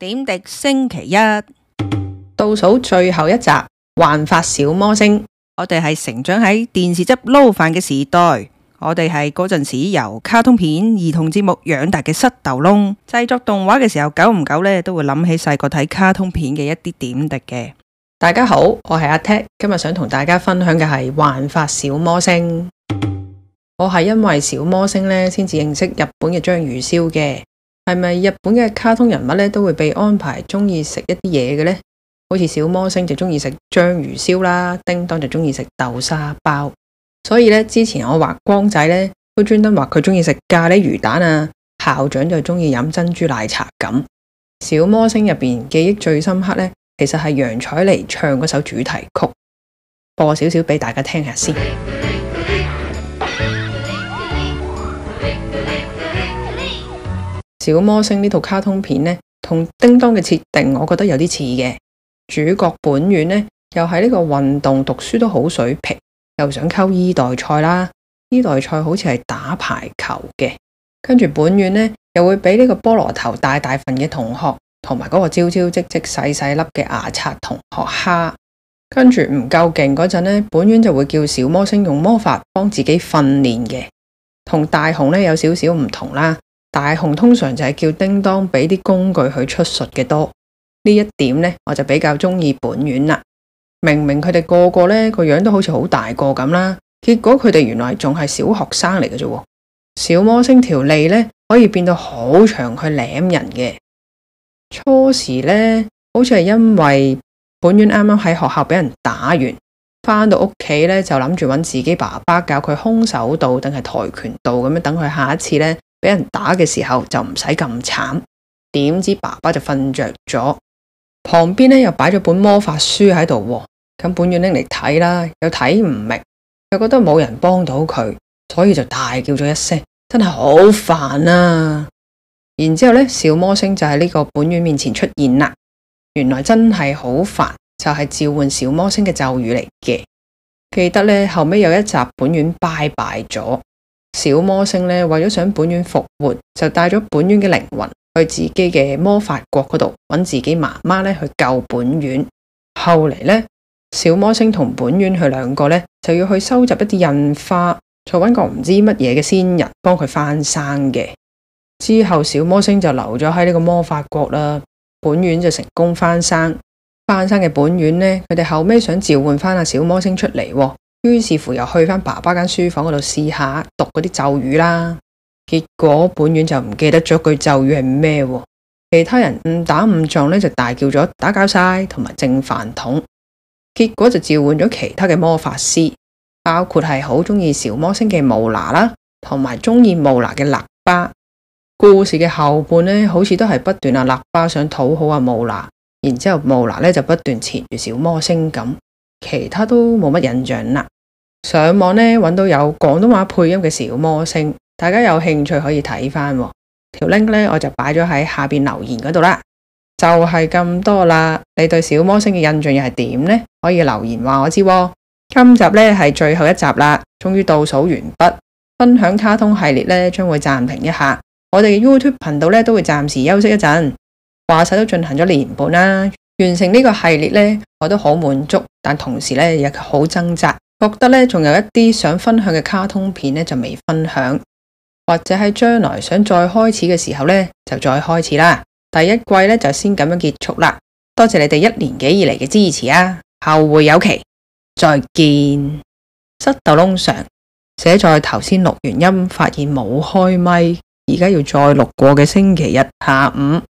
點滴星期一倒數最後一集《幻法小魔星》，我哋係成長喺電視汁撈飯嘅時代，我哋係嗰陣時由卡通片、兒童節目養大嘅失斗窿。製作動畫嘅時候，久唔久咧都會諗起細個睇卡通片嘅一啲點滴嘅。大家好，我係阿 T，今日想同大家分享嘅係《幻法小魔星》。我係因為小魔星咧，先至認識日本嘅章魚燒嘅。係咪日本嘅卡通人物咧都會被安排中意食一啲嘢嘅呢？好似小魔星就中意食章魚燒啦，叮當就中意食豆沙包。所以咧，之前我畫光仔咧都專登話佢中意食咖喱魚蛋啊，校長就中意飲珍珠奶茶咁。小魔星入邊記憶最深刻咧，其實係楊采妮唱嗰首主題曲，播少少俾大家聽下先。 小魔星呢套卡通片呢，同叮當嘅設定，我覺得有啲似嘅。主角本遠呢，又係呢個運動讀書都好水平，又想溝二代菜啦。二代菜好似係打排球嘅，跟住本遠呢，又會畀呢個菠蘿頭大大份嘅同學，同埋嗰個招招積積細細粒嘅牙刷同學蝦。跟住唔夠勁嗰陣呢，本遠就會叫小魔星用魔法幫自己訓練嘅，同大雄呢，有少少唔同啦。大雄通常就係叫叮當俾啲工具去出術嘅多呢，一點呢，我就比較中意本丸啦，明明佢哋個個呢個樣都好似好大個咁啦，結果佢哋原來仲係小學生嚟嘅啫。小魔星條脷呢可以變到好長去舐人嘅。初時呢，好似係因為本丸啱啱喺學校俾人打完翻到屋企咧，就諗住揾自己爸爸教佢空手道定係跆拳道咁樣等佢下一次咧。俾人打嘅時候就唔使咁慘，點知爸爸就瞓着咗，旁邊呢又擺咗本魔法書喺度，咁本院拎嚟睇啦，又睇唔明，又覺得冇人幫到佢，所以就大叫咗一聲，真係好煩啊！然之後咧，小魔星就喺呢個本院面前出現啦，原來真係好煩，就係、是、召喚小魔星嘅咒語嚟嘅，記得呢後尾有一集本院拜拜咗。小魔星呢，為咗想本院復活，就帶咗本院嘅靈魂去自己嘅魔法國嗰度，揾自己媽媽呢去救本院。後嚟呢，小魔星同本院佢兩個呢，就要去收集一啲印花，再揾個唔知乜嘢嘅仙人幫佢翻生嘅。之後小魔星就留咗喺呢個魔法國啦，本院就成功翻生。翻生嘅本院呢，佢哋後屘想召喚翻阿小魔星出嚟，哦。於是乎，又去翻爸爸間書房嗰度試下讀嗰啲咒語啦。結果本院就唔記得咗句咒語係咩。其他人誤打誤撞咧，就大叫咗打攪晒，同埋正飯桶。結果就召喚咗其他嘅魔法師，包括係好中意小魔星嘅無拿啦，同埋中意無拿嘅臘巴。故事嘅後半咧，好似都係不斷啊，臘巴想討好啊無拿，然之後無拿咧，就不斷纏住小魔星咁。其他都冇乜印象啦。上網呢，搵到有廣東話配音嘅小魔星，大家有興趣可以睇翻，哦、條 link 咧，我就擺咗喺下邊留言嗰度啦。就係、是、咁多啦。你對小魔星嘅印象又係點呢？可以留言話我知。今集呢係最後一集啦，終於倒數完畢。分享卡通系列呢，將會暫停一下，我哋 YouTube 頻道呢，都會暫時休息一陣。話晒都進行咗年半啦，啊。完成呢個系列呢，我都好滿足，但同時呢，又好掙扎，覺得呢，仲有一啲想分享嘅卡通片呢，就未分享，或者喺將來想再開始嘅時候呢，就再開始啦。第一季呢，就先咁樣結束啦。多謝你哋一年幾以嚟嘅支持啊！後會有期，再見。塞豆窿上，寫在頭先錄完音，發現冇開咪，而家要再錄過嘅星期日下午。